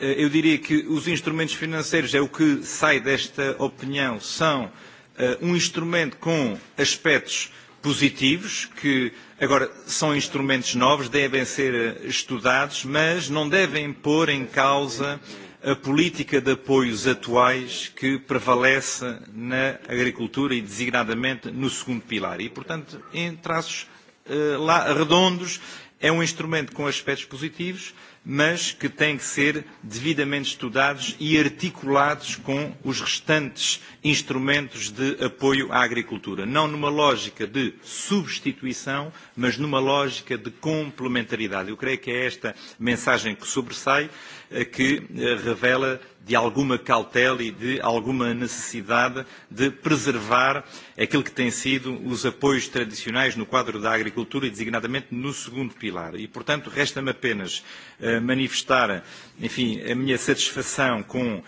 Eh, eu diria que os instrumentos financeiros, é o que sai desta opinião, são eh, um instrumento com aspectos positivos, que agora são instrumentos novos, devem ser eh, estudados, mas não devem pôr em causa a política de apoios atuais que prevalece na agricultura e designadamente no segundo pilar. E, portanto, em traços Eh, lá, redondos, é um instrumento com aspectos positivos, mas que tem que ser devidamente estudados e articulados com os restantes instrumentos de apoio à agricultura. Não numa lógica de substituição, mas numa lógica de complementaridade. Eu creio que é esta mensagem que sobressai Eh, que eh, revela de alguma cautela e de alguma necessidade de preservar aquilo que tem sido os apoios tradicionais no quadro da agricultura e designadamente no segundo pilar. E, portanto, resta-me apenas eh, manifestar, enfim, a minha satisfação com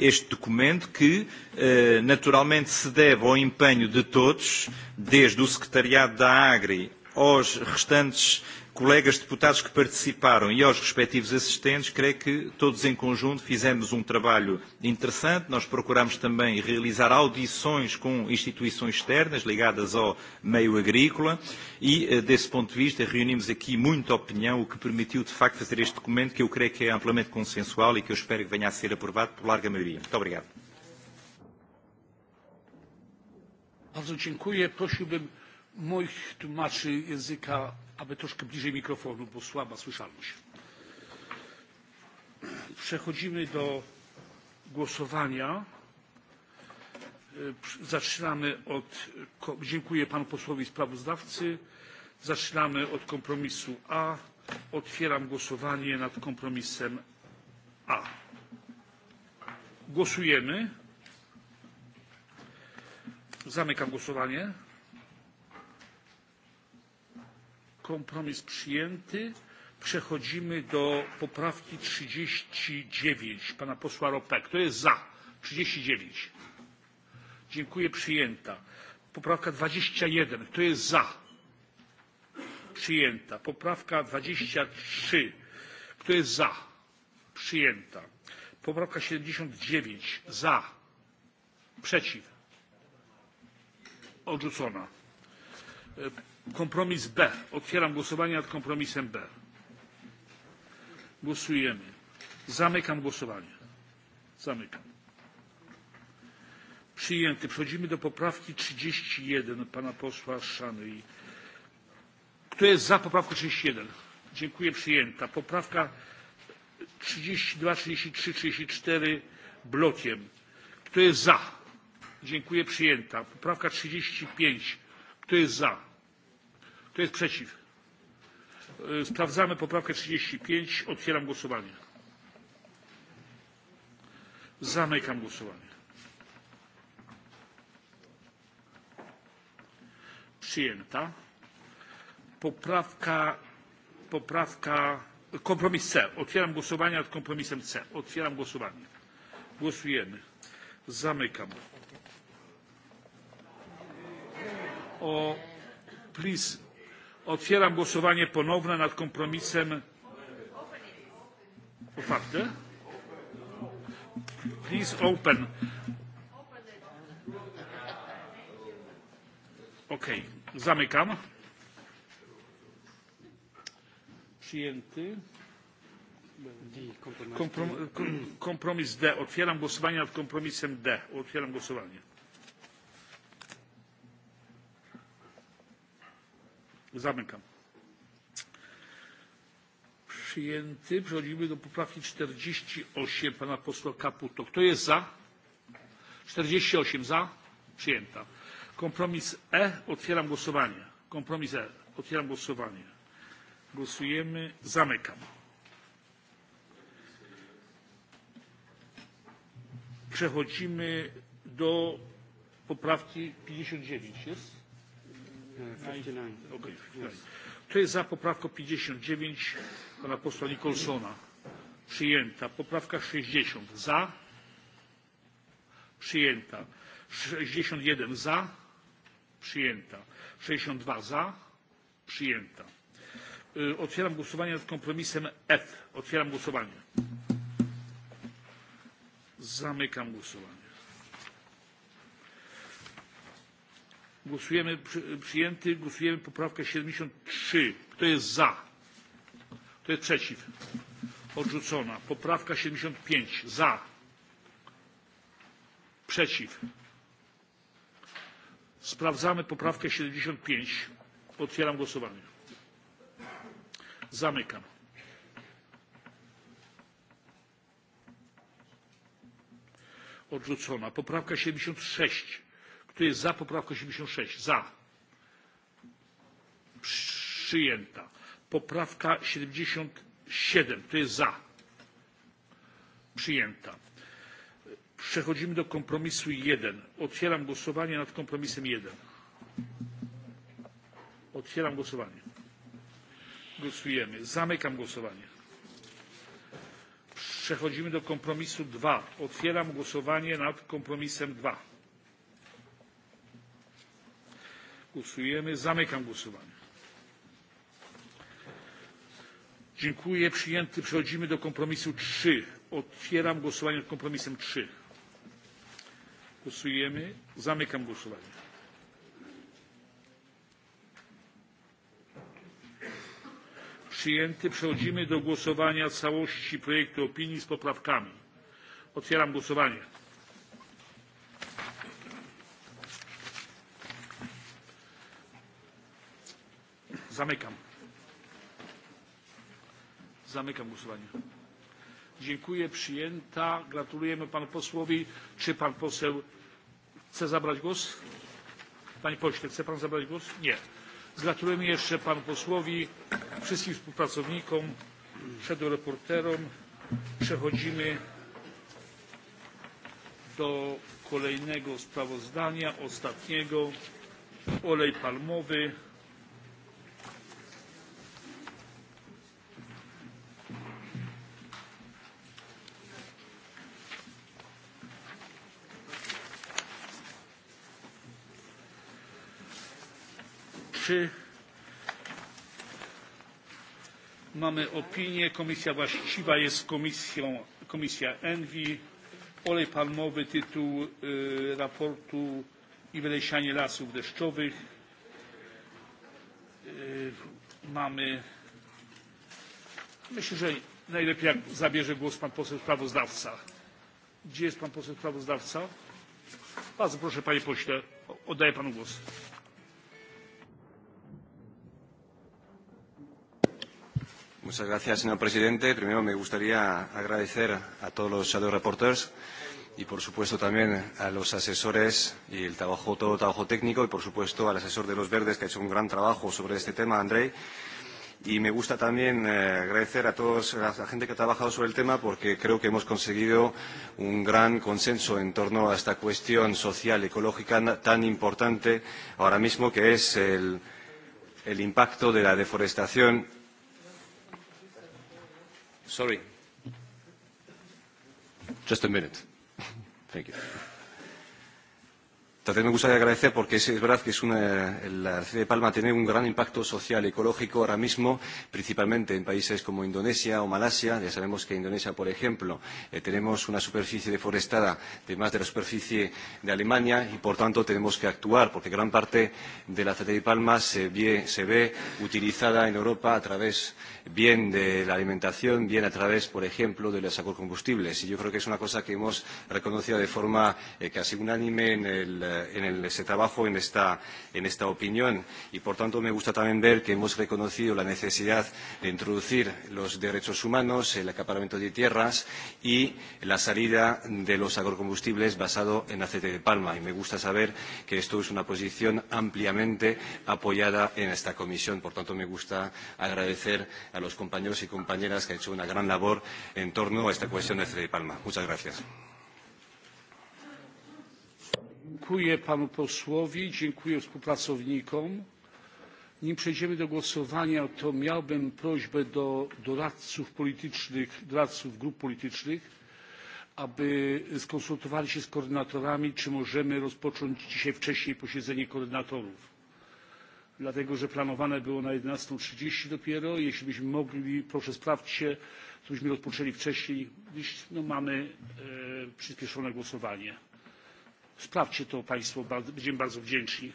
este documento que naturalmente se deve ao empenho de todos, desde o Secretariado da Agri aos restantes colegas deputados que participaram e aos respectivos assistentes, creio que todos em conjunto fizemos um trabalho interessante. Nós procuramos também realizar audições com instituições externas ligadas ao meio agrícola e, eh, desse ponto de vista, reunimos aqui muita opinião, o que permitiu, de facto, fazer este documento que eu creio que é amplamente consensual e que eu espero que venha a ser aprovado por larga maioria. Muito obrigado. Bardzo dziękuję. Prosiłbym moich tłumaczy języka, aby troszkę bliżej mikrofonu, bo słaba słyszalność. Przechodzimy do głosowania. E, zaczynamy od, dziękuję panu posłowi sprawozdawcy. Zaczynamy od kompromisu A. Otwieram głosowanie nad kompromisem A. Głosujemy. Zamykam głosowanie. kompromis przyjęty. Przechodzimy do poprawki 39 pana posła Rope. Kto jest za? 39. Dziękuję, przyjęta. Poprawka 21. Kto jest za? Przyjęta. Poprawka 23. Kto jest za? Przyjęta. Poprawka 79. Za. Przeciw. Odrzucona Kompromis B. Otwieram głosowanie nad kompromisem B. Głosujemy. Zamykam głosowanie. Zamykam. Przyjęty. Przechodzimy do poprawki 31 pana posła Szany. Kto jest za poprawką 31? Dziękuję. Przyjęta. Poprawka 32, 33, 34 blokiem. Kto jest za? Dziękuję. Przyjęta. Poprawka 35. Kto jest za? Kto jest przeciw? E, sprawdzamy poprawkę 35. Otwieram głosowanie. Zamykam głosowanie. Przyjęta. Poprawka, poprawka, kompromis C. Otwieram głosowanie nad kompromisem C. Otwieram głosowanie. Głosujemy. Zamykam. O, please Otwieram głosowanie ponowne nad kompromisem otwarte. Please open. OK. Zamykam. Przyjęty. Komprom kompromis D. Otwieram głosowanie nad kompromisem D. Otwieram głosowanie. Zamykam. Przyjęty. Przechodzimy do poprawki 48 pana posła Kaputo. Kto jest za? 48 za. Przyjęta. Kompromis E. Otwieram głosowanie. Kompromis E. Otwieram głosowanie. Głosujemy. Zamykam. Przechodzimy do poprawki 59. Jest? Kto jest za poprawką 59 pana posła Nicholsona? Przyjęta. Poprawka 60. Za? Przyjęta. 61 za? Przyjęta. 62 za? Przyjęta. Otwieram głosowanie nad kompromisem F. Otwieram głosowanie. Zamykam głosowanie. Głosujemy przyjęty. Głosujemy poprawkę 73. Kto jest za? Kto jest przeciw? Odrzucona. Poprawka 75. Za. Przeciw. Sprawdzamy poprawkę 75. Otwieram głosowanie. Zamykam. Odrzucona. Poprawka 76 kto jest za poprawką 76? Za. Przyjęta. Poprawka 77. Kto jest za? Przyjęta. Przechodzimy do kompromisu 1. Otwieram głosowanie nad kompromisem 1. Otwieram głosowanie. Głosujemy. Zamykam głosowanie. Przechodzimy do kompromisu 2. Otwieram głosowanie nad kompromisem 2. Głosujemy. Zamykam głosowanie. Dziękuję. Przyjęty. Przechodzimy do kompromisu 3. Otwieram głosowanie nad kompromisem 3. Głosujemy. Zamykam głosowanie. Przyjęty. Przechodzimy do głosowania całości projektu opinii z poprawkami. Otwieram głosowanie. Zamykam. Zamykam głosowanie. Dziękuję. Przyjęta. Gratulujemy panu posłowi. Czy pan poseł chce zabrać głos? Panie pośle, chce pan zabrać głos? Nie. Gratulujemy jeszcze panu posłowi, wszystkim współpracownikom, reporterom. Przechodzimy do kolejnego sprawozdania, ostatniego. Olej palmowy. Wyborczy. Mamy opinię. Komisja właściwa jest komisją, komisja ENVI. Olej palmowy, tytuł y, raportu i wylesianie lasów deszczowych. Y, mamy. Myślę, że najlepiej jak zabierze głos pan poseł sprawozdawca. Gdzie jest pan poseł sprawozdawca? Bardzo proszę, panie pośle, oddaję panu głos. Muchas gracias, señor presidente. Primero me gustaría agradecer a todos los shadow reporters y, por supuesto, también a los asesores y el trabajo, todo el trabajo técnico y, por supuesto, al asesor de los verdes que ha hecho un gran trabajo sobre este tema, Andrei. Y me gusta también eh, agradecer a todos a la gente que ha trabajado sobre el tema porque creo que hemos conseguido un gran consenso en torno a esta cuestión social ecológica tan importante ahora mismo que es el, el impacto de la deforestación Sorry. Just a minute. (laughs) Thank you. También me gustaría agradecer porque es, verdad que es una, la aceite de Palma tiene un gran impacto social y ecológico ahora mismo, principalmente en países como Indonesia o Malasia. Ya sabemos que en Indonesia, por ejemplo, eh, tenemos una superficie deforestada de más de la superficie de Alemania y, por tanto, tenemos que actuar porque gran parte de la aceite de Palma se ve, se ve utilizada en Europa a través bien de la alimentación, bien a través, por ejemplo, de los agrocombustibles. Y yo creo que es una cosa que hemos reconocido de forma eh, casi unánime en el eh, en el, ese trabajo, en esta, en esta opinión. Y, por tanto, me gusta también ver que hemos reconocido la necesidad de introducir los derechos humanos, el acaparamiento de tierras y la salida de los agrocombustibles basado en aceite de palma. Y me gusta saber que esto es una posición ampliamente apoyada en esta comisión. Por tanto, me gusta agradecer a los compañeros y compañeras que han hecho una gran labor en torno a esta cuestión de aceite de palma. Muchas gracias. Dziękuję panu posłowi, dziękuję współpracownikom. Nim przejdziemy do głosowania, to miałbym prośbę do doradców politycznych, doradców grup politycznych, aby skonsultowali się z koordynatorami, czy możemy rozpocząć dzisiaj wcześniej posiedzenie koordynatorów. Dlatego, że planowane było na trzydzieści dopiero. Jeśli byśmy mogli, proszę sprawdźcie, to byśmy rozpoczęli wcześniej, gdyż no, mamy e, przyspieszone głosowanie sprawdźcie to państwo będziemy bardzo wdzięczni.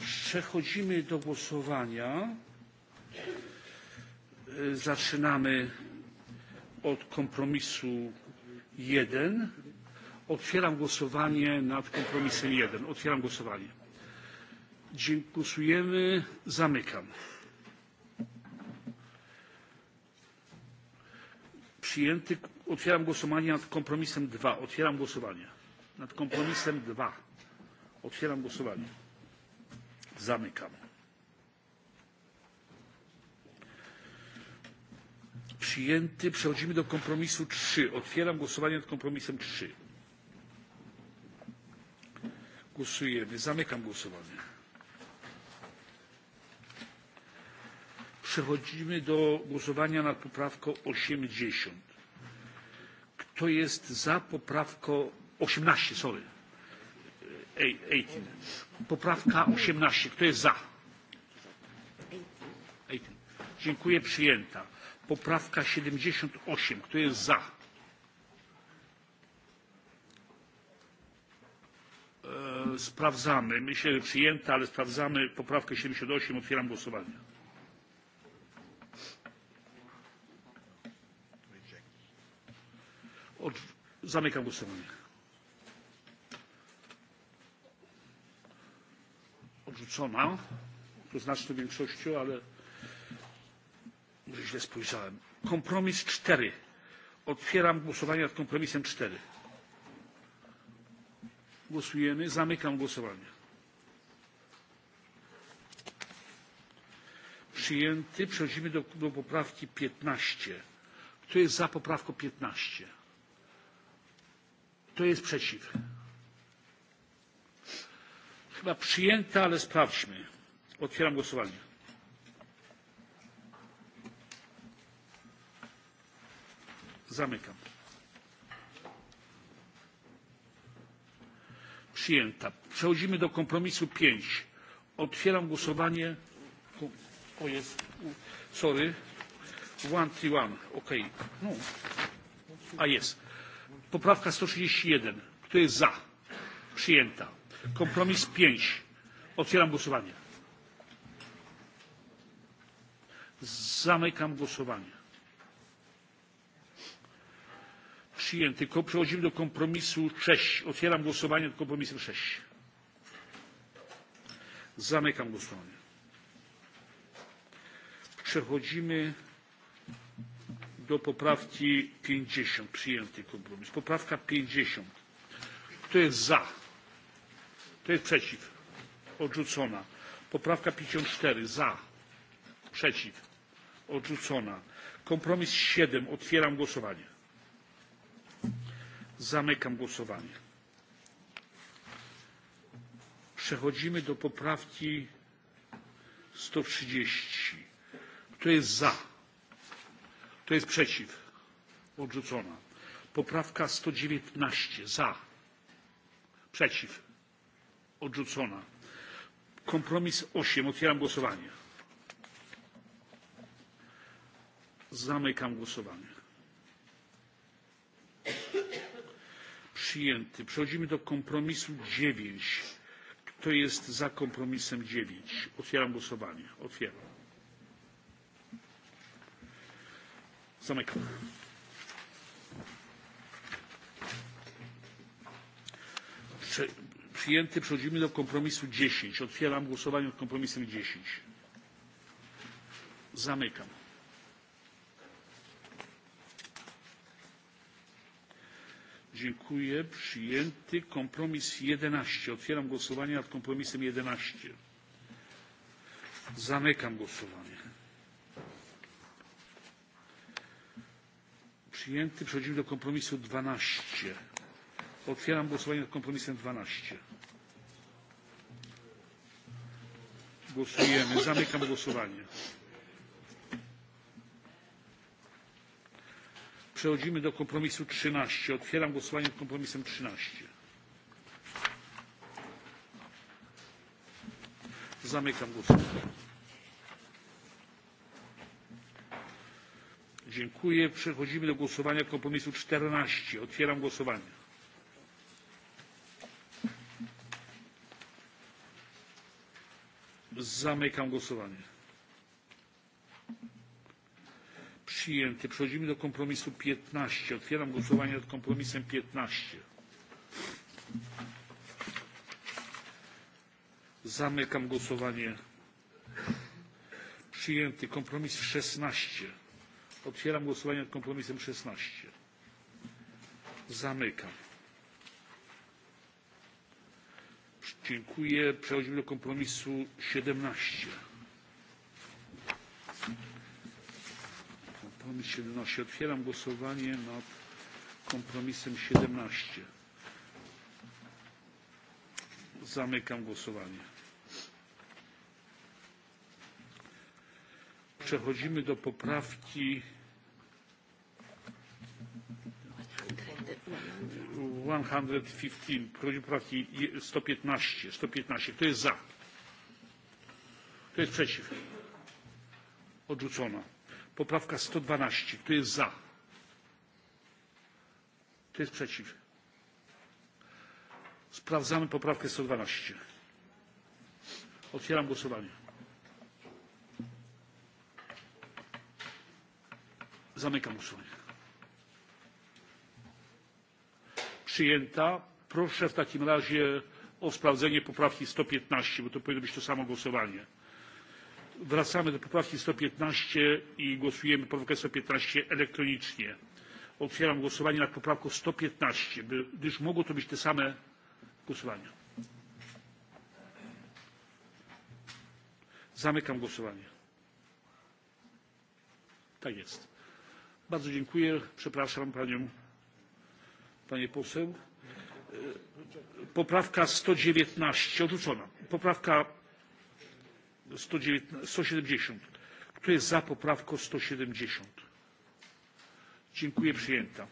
przechodzimy do głosowania. E, zaczynamy od kompromisu jeden. otwieram głosowanie nad kompromisem jeden. otwieram głosowanie. głosujemy. zamykam. przyjęty Otwieram głosowanie nad kompromisem 2. Otwieram głosowanie. Nad kompromisem 2. Otwieram głosowanie. Zamykam. Przyjęty. Przechodzimy do kompromisu 3. Otwieram głosowanie nad kompromisem 3. Głosujemy. Zamykam głosowanie. Przechodzimy do głosowania nad poprawką osiemdziesiąt. Kto jest za poprawką 18, sorry. 18. Poprawka 18. Kto jest za? 18. Dziękuję, przyjęta. Poprawka 78. Kto jest za? Sprawdzamy. Myślę, że przyjęta, ale sprawdzamy poprawkę 78. Otwieram głosowanie. Od... Zamykam głosowanie. Odrzucona to znaczną większością, ale może źle spojrzałem. Kompromis cztery. Otwieram głosowanie nad kompromisem cztery. Głosujemy. Zamykam głosowanie. Przyjęty. Przechodzimy do, do poprawki 15. Kto jest za poprawką 15? Kto jest przeciw? Chyba przyjęta, ale sprawdźmy. Otwieram głosowanie. Zamykam. Przyjęta. Przechodzimy do kompromisu 5. Otwieram głosowanie. O jest, sorry. One, three, one. OK. No. A jest poprawka sto trzydzieści jeden kto jest za? przyjęta. kompromis pięć otwieram głosowanie. zamykam głosowanie. przyjęty. przechodzimy do kompromisu sześć otwieram głosowanie nad kompromisem sześć. zamykam głosowanie. przechodzimy do poprawki pięćdziesiąt przyjęty kompromis. Poprawka pięćdziesiąt. Kto jest za? Kto jest przeciw? Odrzucona. Poprawka pięćdziesiąt cztery za. Przeciw. Odrzucona. Kompromis siedem. Otwieram głosowanie. Zamykam głosowanie. Przechodzimy do poprawki sto trzydzieści. Kto jest za? kto jest przeciw? odrzucona poprawka sto dziewiętnaście za przeciw odrzucona kompromis osiem otwieram głosowanie zamykam głosowanie przyjęty przechodzimy do kompromisu dziewięć kto jest za kompromisem dziewięć otwieram głosowanie otwieram Zamykam. Przyjęty. Przechodzimy do kompromisu 10. Otwieram głosowanie nad kompromisem 10. Zamykam. Dziękuję. Przyjęty kompromis 11. Otwieram głosowanie nad kompromisem 11. Zamykam głosowanie. przyjęty. Przechodzimy do kompromisu 12. Otwieram głosowanie nad kompromisem 12. Głosujemy. Zamykam głosowanie. Przechodzimy do kompromisu 13. Otwieram głosowanie nad kompromisem 13. Zamykam głosowanie. Dziękuję. Przechodzimy do głosowania kompromisu czternaście. Otwieram głosowanie. Zamykam głosowanie. Przyjęty. Przechodzimy do kompromisu piętnaście. Otwieram głosowanie nad kompromisem piętnaście. Zamykam głosowanie. Przyjęty. Kompromis szesnaście. Otwieram głosowanie nad kompromisem 16. Zamykam. Dziękuję. Przechodzimy do kompromisu 17. Kompromis 17. Otwieram głosowanie nad kompromisem 17. Zamykam głosowanie. Przechodzimy do poprawki 115, prośba poprawki 115, 115. Kto jest za? Kto jest przeciw? Odrzucona. Poprawka 112. Kto jest za? Kto jest przeciw? Sprawdzamy poprawkę 112. Otwieram głosowanie. Zamykam głosowanie. przyjęta. Proszę w takim razie o sprawdzenie poprawki sto piętnaście bo to powinno być to samo głosowanie. Wracamy do poprawki sto piętnaście i głosujemy poprawkę sto piętnaście elektronicznie. Otwieram głosowanie nad poprawką sto piętnaście, gdyż mogło to być te same głosowania. Zamykam głosowanie. Tak jest. Bardzo dziękuję. Przepraszam panią Panie poseł. E, poprawka 119 odrzucona. Poprawka sto 170. Kto jest za poprawką 170? Dziękuję, przyjęta.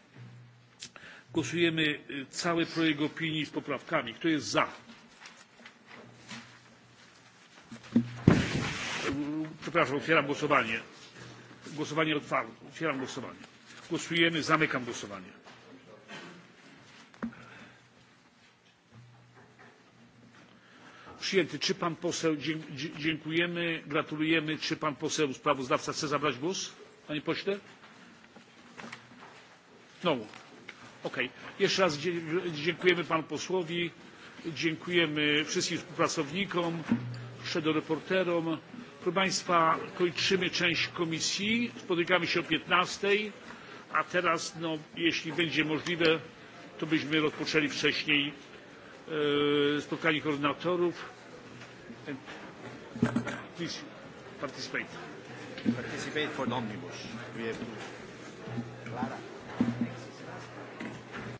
Głosujemy cały projekt opinii z poprawkami. Kto jest za? Przepraszam, otwieram głosowanie. Głosowanie otwarte. Otwieram głosowanie. Głosujemy, zamykam głosowanie. przyjęty. Czy pan poseł, dziękujemy, gratulujemy. Czy pan poseł sprawozdawca chce zabrać głos? Panie pośle? No. Okay. Jeszcze raz dziękujemy panu posłowi, dziękujemy wszystkim współpracownikom, szedowreporterom. Proszę państwa, kończymy część komisji. Spotykamy się o 15, a teraz, no, jeśli będzie możliwe, to byśmy rozpoczęli wcześniej e, spotkanie koordynatorów. Please participate. Participate for the omnibus. We have to. Clara.